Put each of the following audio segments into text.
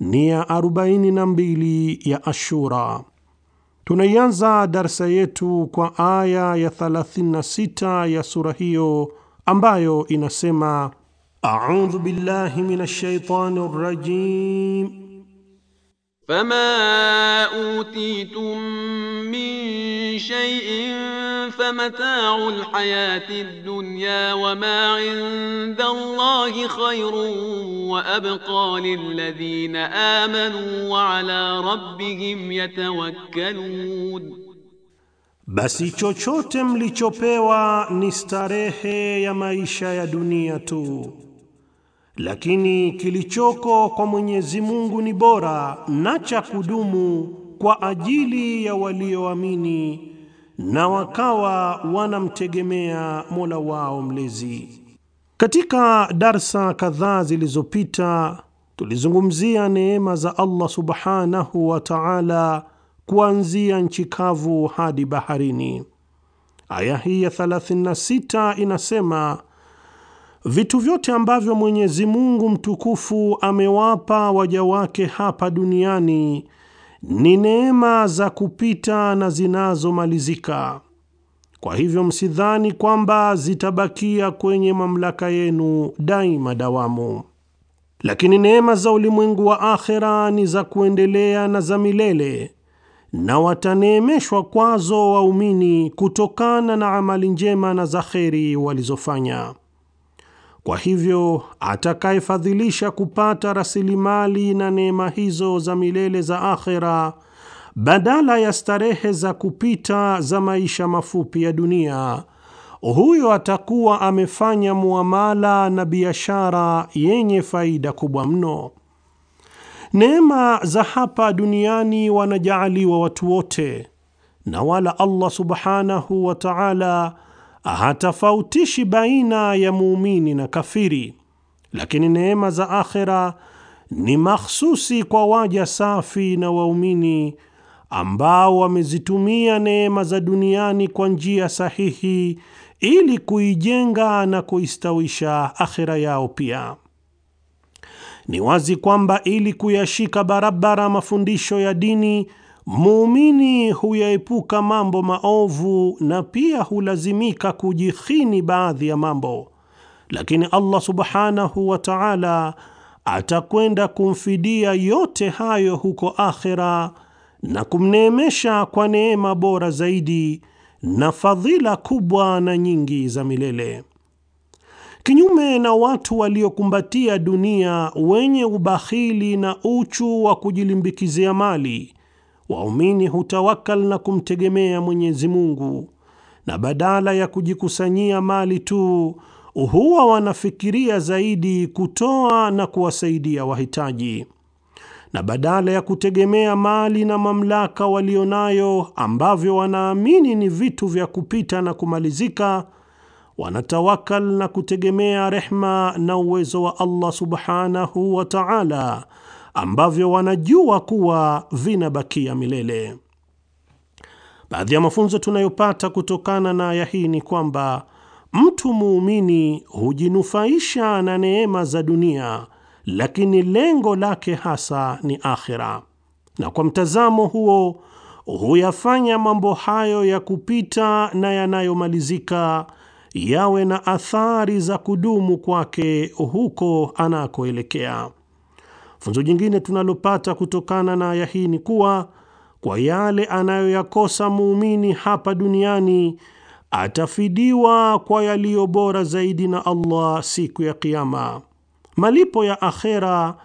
ni ya 42 ya Ashura. Tunaianza darsa yetu kwa aya ya 36 ya sura hiyo ambayo inasema: audhu billahi minash shaitani rajim fama utitum min shay'in famata'u alhayati ad-dunya wama 'inda Allahi khayrun wa abqa lilladhina amanu wa 'ala rabbihim yatawakkalun basi chochote mlichopewa ni starehe ya maisha ya dunia tu, lakini kilichoko kwa Mwenyezi Mungu ni bora na cha kudumu kwa ajili ya walioamini na wakawa wanamtegemea Mola wao mlezi. Katika darsa kadhaa zilizopita tulizungumzia neema za Allah subhanahu wa ta'ala kuanzia nchi kavu hadi baharini. Aya hii ya 36 inasema vitu vyote ambavyo Mwenyezi Mungu mtukufu amewapa waja wake hapa duniani ni neema za kupita na zinazomalizika. Kwa hivyo msidhani kwamba zitabakia kwenye mamlaka yenu daima dawamu, lakini neema za ulimwengu wa akhera ni za kuendelea na za milele, na wataneemeshwa kwazo waumini kutokana na amali njema na za kheri walizofanya. Kwa hivyo atakayefadhilisha kupata rasilimali na neema hizo za milele za akhera badala ya starehe za kupita za maisha mafupi ya dunia, huyo atakuwa amefanya muamala na biashara yenye faida kubwa mno. Neema za hapa duniani wanajaaliwa watu wote, na wala Allah subhanahu wa ta'ala hatafautishi baina ya muumini na kafiri, lakini neema za akhera ni mahsusi kwa waja safi na waumini ambao wamezitumia neema za duniani kwa njia sahihi ili kuijenga na kuistawisha akhera yao pia. Ni wazi kwamba ili kuyashika barabara mafundisho ya dini Muumini huyaepuka mambo maovu na pia hulazimika kujihini baadhi ya mambo, lakini Allah subhanahu wa ta'ala atakwenda kumfidia yote hayo huko akhera na kumneemesha kwa neema bora zaidi na fadhila kubwa na nyingi za milele. Kinyume na watu waliokumbatia dunia wenye ubahili na uchu wa kujilimbikizia mali waumini hutawakal na kumtegemea Mwenyezi Mungu, na badala ya kujikusanyia mali tu huwa wanafikiria zaidi kutoa na kuwasaidia wahitaji, na badala ya kutegemea mali na mamlaka walionayo ambavyo wanaamini ni vitu vya kupita na kumalizika, wanatawakal na kutegemea rehma na uwezo wa Allah subhanahu wa ta'ala ambavyo wanajua kuwa vinabakia milele. Baadhi ya mafunzo tunayopata kutokana na aya hii ni kwamba mtu muumini hujinufaisha na neema za dunia, lakini lengo lake hasa ni akhira, na kwa mtazamo huo huyafanya mambo hayo ya kupita na yanayomalizika yawe na athari za kudumu kwake huko anakoelekea. Funzo jingine tunalopata kutokana na aya hii ni kuwa kwa yale anayoyakosa muumini hapa duniani atafidiwa kwa yaliyo bora zaidi na Allah siku ya Kiyama. Malipo ya akhera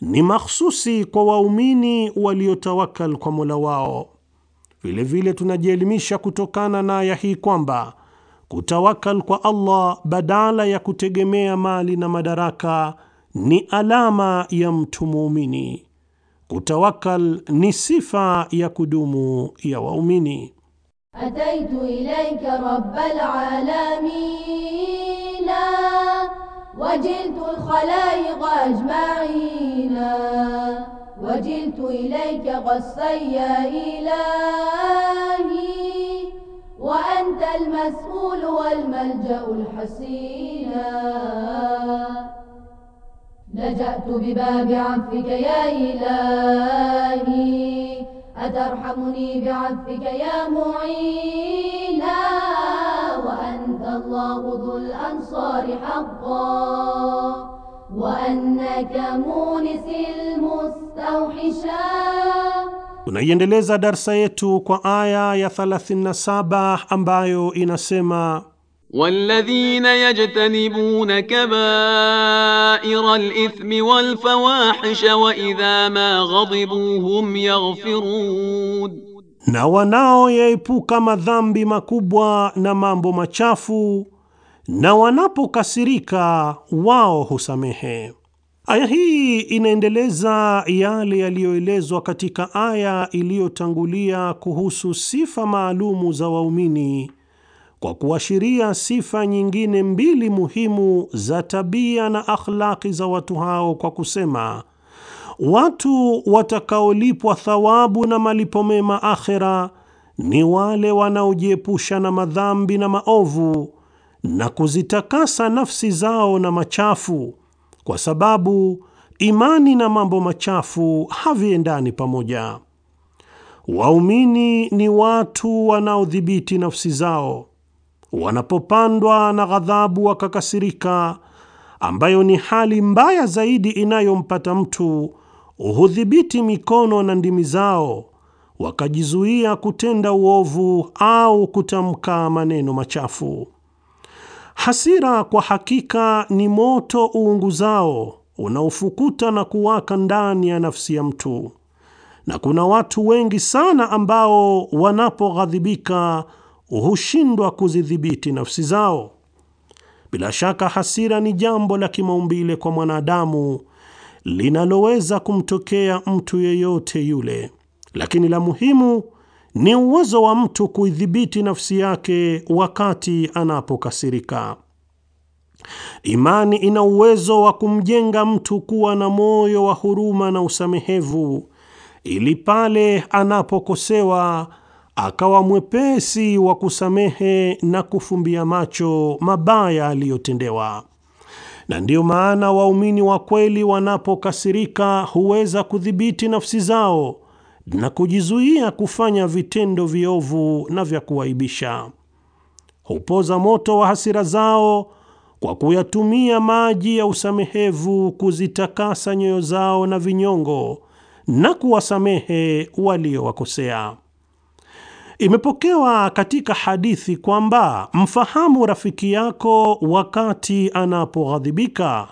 ni mahsusi kwa waumini waliotawakal kwa Mola wao. Vilevile vile tunajielimisha kutokana na aya hii kwamba kutawakal kwa Allah badala ya kutegemea mali na madaraka ni alama ya mtu muumini. Kutawakal ni sifa ya kudumu ya waumini. Ataitu ilaika rabbal alamina wajiltu alkhalaiq ajma'ina wajiltu ilaika ghassaya ilahi wa anta almas'ul walmalja'u alhasina لجأت بباب عفك يا إلهي أترحمني بعفك يا معينا وأنت الله ذو الأنصار حقا وأنك مونس المستوحشا Tunaiendeleza darsa yetu kwa aya ya 37 ambayo inasema والذين يجتنبون كبائر الإثم والفواحش وإذا ما غضبوا هم يغفرون, na wanaoyaepuka madhambi makubwa na mambo machafu na wanapokasirika wao husamehe. Aya hii inaendeleza yale yaliyoelezwa katika aya iliyotangulia kuhusu sifa maalumu za waumini kwa kuashiria sifa nyingine mbili muhimu za tabia na akhlaki za watu hao kwa kusema, watu watakaolipwa thawabu na malipo mema akhera ni wale wanaojiepusha na madhambi na maovu na kuzitakasa nafsi zao na machafu, kwa sababu imani na mambo machafu haviendani pamoja. Waumini ni watu wanaodhibiti nafsi zao wanapopandwa na ghadhabu wakakasirika, ambayo ni hali mbaya zaidi inayompata mtu, hudhibiti mikono na ndimi zao, wakajizuia kutenda uovu au kutamka maneno machafu. Hasira kwa hakika ni moto uunguzao unaofukuta na kuwaka ndani ya nafsi ya mtu, na kuna watu wengi sana ambao wanapoghadhibika hushindwa kuzidhibiti nafsi zao. Bila shaka hasira ni jambo la kimaumbile kwa mwanadamu linaloweza kumtokea mtu yeyote yule, lakini la muhimu ni uwezo wa mtu kuidhibiti nafsi yake wakati anapokasirika. Imani ina uwezo wa kumjenga mtu kuwa na moyo wa huruma na usamehevu, ili pale anapokosewa akawa mwepesi wa kusamehe na kufumbia macho mabaya aliyotendewa. Na ndiyo maana waumini wa kweli wanapokasirika huweza kudhibiti nafsi zao na kujizuia kufanya vitendo viovu na vya kuwaibisha. Hupoza moto wa hasira zao kwa kuyatumia maji ya usamehevu kuzitakasa nyoyo zao na vinyongo na kuwasamehe waliowakosea. Imepokewa katika hadithi kwamba mfahamu rafiki yako wakati anapoghadhibika,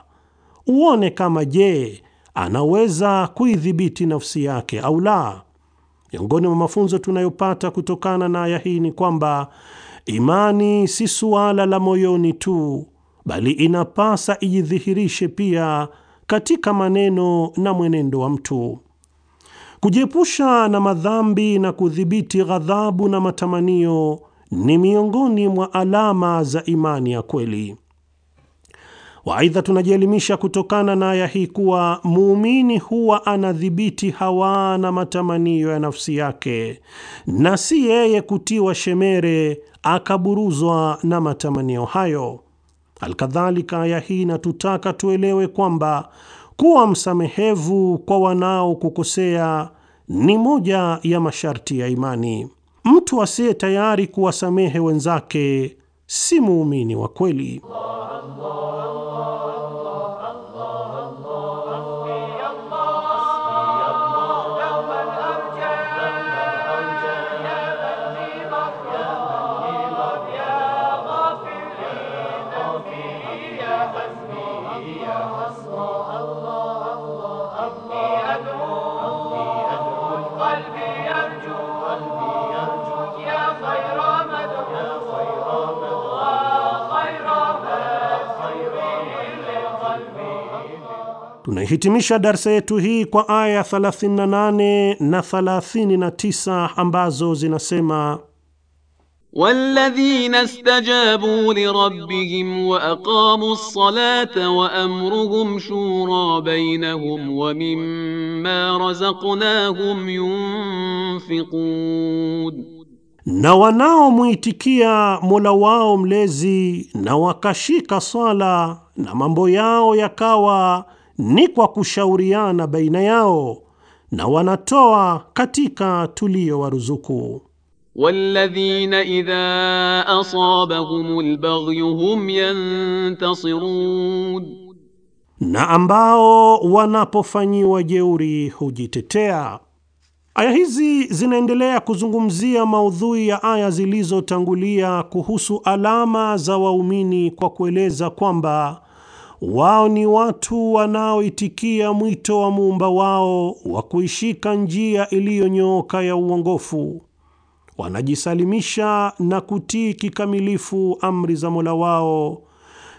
uone kama je, anaweza kuidhibiti nafsi yake au la. Miongoni mwa mafunzo tunayopata kutokana na aya hii ni kwamba imani si suala la moyoni tu, bali inapasa ijidhihirishe pia katika maneno na mwenendo wa mtu. Kujiepusha na madhambi na kudhibiti ghadhabu na matamanio ni miongoni mwa alama za imani ya kweli. Waaidha, tunajielimisha kutokana na aya hii kuwa muumini huwa anadhibiti hawa na matamanio ya nafsi yake, na si yeye kutiwa shemere akaburuzwa na matamanio hayo. Alkadhalika, aya hii inatutaka tuelewe kwamba kuwa msamehevu kwa wanaokukosea ni moja ya masharti ya imani. Mtu asiye tayari kuwasamehe wenzake si muumini wa kweli. Tunaihitimisha darsa yetu hii kwa aya 38 na 39 ambazo zinasema Walladhina istajabu lirabbihim wa aqamu ssalata wa amruhum shura bainahum wa mimma razaqnahum yunfiqun, na wanaomwitikia Mola wao mlezi na wakashika swala na mambo yao yakawa ni kwa kushauriana baina yao na wanatoa katika tuliyowaruzuku. walladhina idha asabahumul baghy hum yantasirun, na ambao wanapofanyiwa jeuri hujitetea. Aya hizi zinaendelea kuzungumzia maudhui ya aya zilizotangulia kuhusu alama za waumini kwa kueleza kwamba wao ni watu wanaoitikia mwito wa muumba wao wa kuishika njia iliyonyooka ya uongofu, wanajisalimisha na kutii kikamilifu amri za Mola wao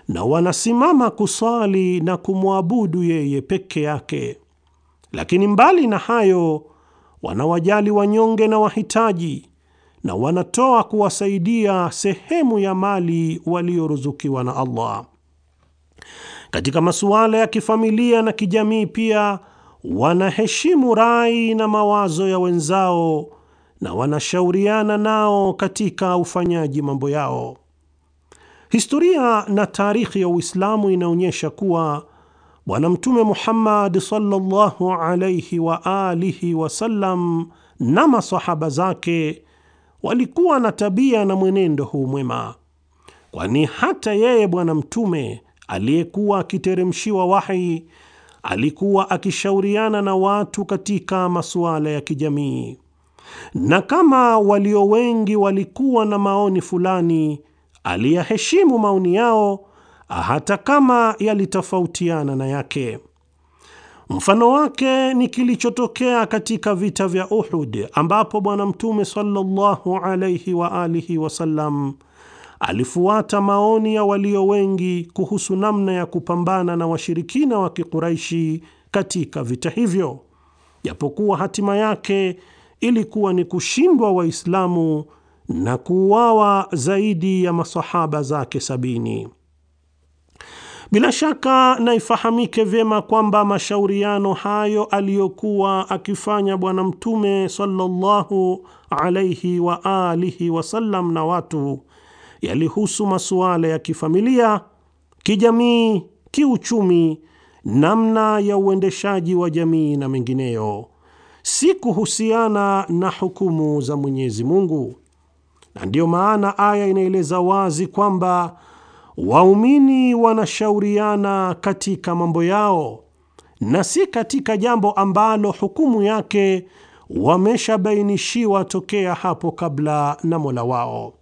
na wanasimama kusali na kumwabudu yeye peke yake. Lakini mbali na hayo, wanawajali wanyonge na wahitaji na wanatoa kuwasaidia sehemu ya mali walioruzukiwa na Allah. Katika masuala ya kifamilia na kijamii pia wanaheshimu rai na mawazo ya wenzao na wanashauriana nao katika ufanyaji mambo yao. Historia na taarikhi ya Uislamu inaonyesha kuwa Bwana Mtume Muhammad sallallahu alaihi wa alihi wasallam na masahaba zake walikuwa na tabia na mwenendo huu mwema, kwani hata yeye Bwana Mtume aliyekuwa akiteremshiwa wahi alikuwa akishauriana na watu katika masuala ya kijamii, na kama walio wengi walikuwa na maoni fulani, aliyaheshimu maoni yao hata kama yalitofautiana na yake. Mfano wake ni kilichotokea katika vita vya Uhud, ambapo Bwana Mtume sallallahu alaihi wa alihi wasallam alifuata maoni ya walio wengi kuhusu namna ya kupambana na washirikina wa Kikuraishi katika vita hivyo, japokuwa hatima yake ilikuwa ni kushindwa Waislamu na kuuawa zaidi ya masahaba zake sabini. Bila shaka naifahamike vyema kwamba mashauriano hayo aliyokuwa akifanya Bwana Mtume sallallahu alaihi wa alihi wasallam na watu yalihusu masuala ya kifamilia, kijamii, kiuchumi, namna ya uendeshaji wa jamii na mengineyo, si kuhusiana na hukumu za Mwenyezi Mungu. Na ndiyo maana aya inaeleza wazi kwamba waumini wanashauriana katika mambo yao na si katika jambo ambalo hukumu yake wameshabainishiwa tokea hapo kabla na Mola wao.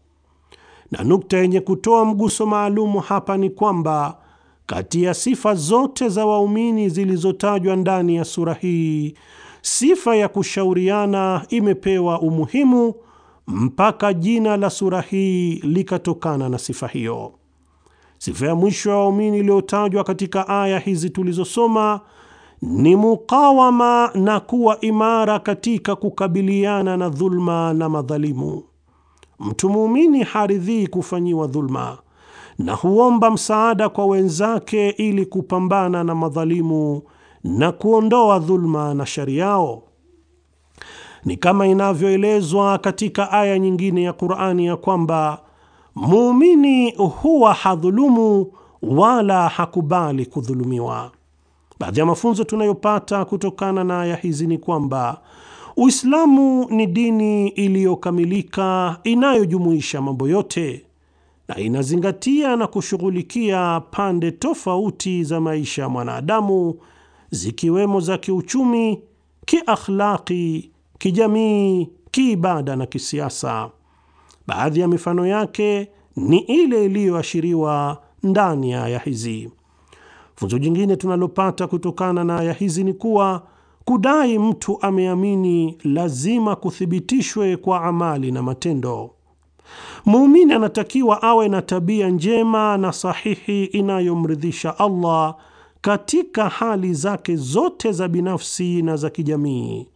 Na nukta yenye kutoa mguso maalumu hapa ni kwamba kati ya sifa zote za waumini zilizotajwa ndani ya sura hii, sifa ya kushauriana imepewa umuhimu mpaka jina la sura hii likatokana na sifa hiyo. Sifa ya mwisho ya waumini iliyotajwa katika aya hizi tulizosoma ni mukawama na kuwa imara katika kukabiliana na dhulma na madhalimu. Mtu muumini haridhii kufanyiwa dhulma na huomba msaada kwa wenzake ili kupambana na madhalimu na kuondoa dhulma na shari yao. Ni kama inavyoelezwa katika aya nyingine ya Qur'ani ya kwamba muumini huwa hadhulumu wala hakubali kudhulumiwa. Baadhi ya mafunzo tunayopata kutokana na aya hizi ni kwamba Uislamu ni dini iliyokamilika inayojumuisha mambo yote na inazingatia na kushughulikia pande tofauti za maisha ya mwanadamu zikiwemo za kiuchumi, kiakhlaki, kijamii, kiibada na kisiasa. Baadhi ya mifano yake ni ile iliyoashiriwa ndani ya aya hizi. Funzo jingine tunalopata kutokana na aya hizi ni kuwa Kudai mtu ameamini lazima kuthibitishwe kwa amali na matendo. Muumini anatakiwa awe na tabia njema na sahihi inayomridhisha Allah katika hali zake zote za binafsi na za kijamii,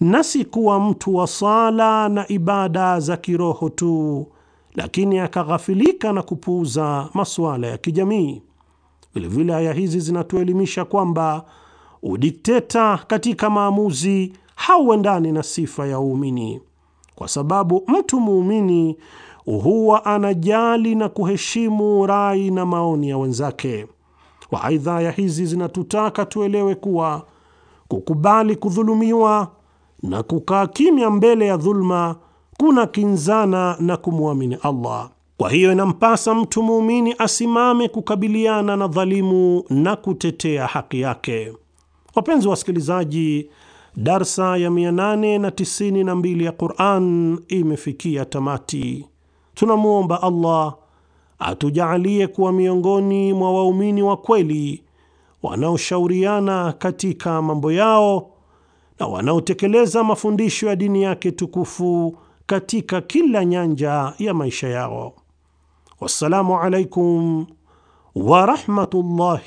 na si kuwa mtu wa sala na ibada za kiroho tu, lakini akaghafilika na kupuuza masuala ya kijamii. Vilevile, aya hizi zinatuelimisha kwamba udikteta katika maamuzi hauendani na sifa ya uumini, kwa sababu mtu muumini huwa anajali na kuheshimu rai na maoni ya wenzake. aidha ya hizi zinatutaka tuelewe kuwa kukubali kudhulumiwa na kukaa kimya mbele ya dhulma kuna kinzana na kumwamini Allah. Kwa hiyo inampasa mtu muumini asimame kukabiliana na dhalimu na kutetea haki yake. Wapenzi wasikilizaji, darsa ya 892 ya Quran imefikia tamati. Tunamwomba Allah atujaalie kuwa miongoni mwa waumini wa kweli wanaoshauriana katika mambo yao na wanaotekeleza mafundisho ya dini yake tukufu katika kila nyanja ya maisha yao. Wassalamu alaikum ورحمة الله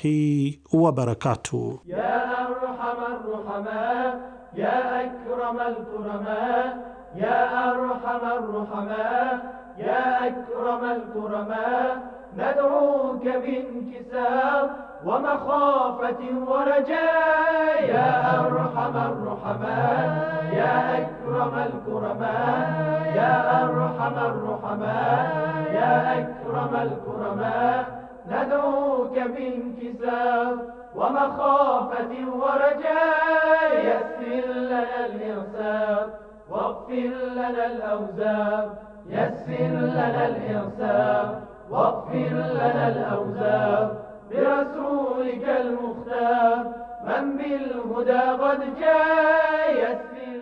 وبركاته يا أرحم الرحماء يا أكرم الكرماء يا أرحم الرحماء يا أكرم الكرماء ندعوك بانكسار ومخافة ورجاء يا أرحم الرحماء يا أكرم الكرماء يا أرحم الرحماء يا أكرم الكرماء ربك بانكسار ومخافة ورجاء يسر لنا الإنسان واغفر لنا الأوزار يسر لنا الإنسان واغفر لنا الأوزار برسولك المختار من بالهدى قد جاء يسر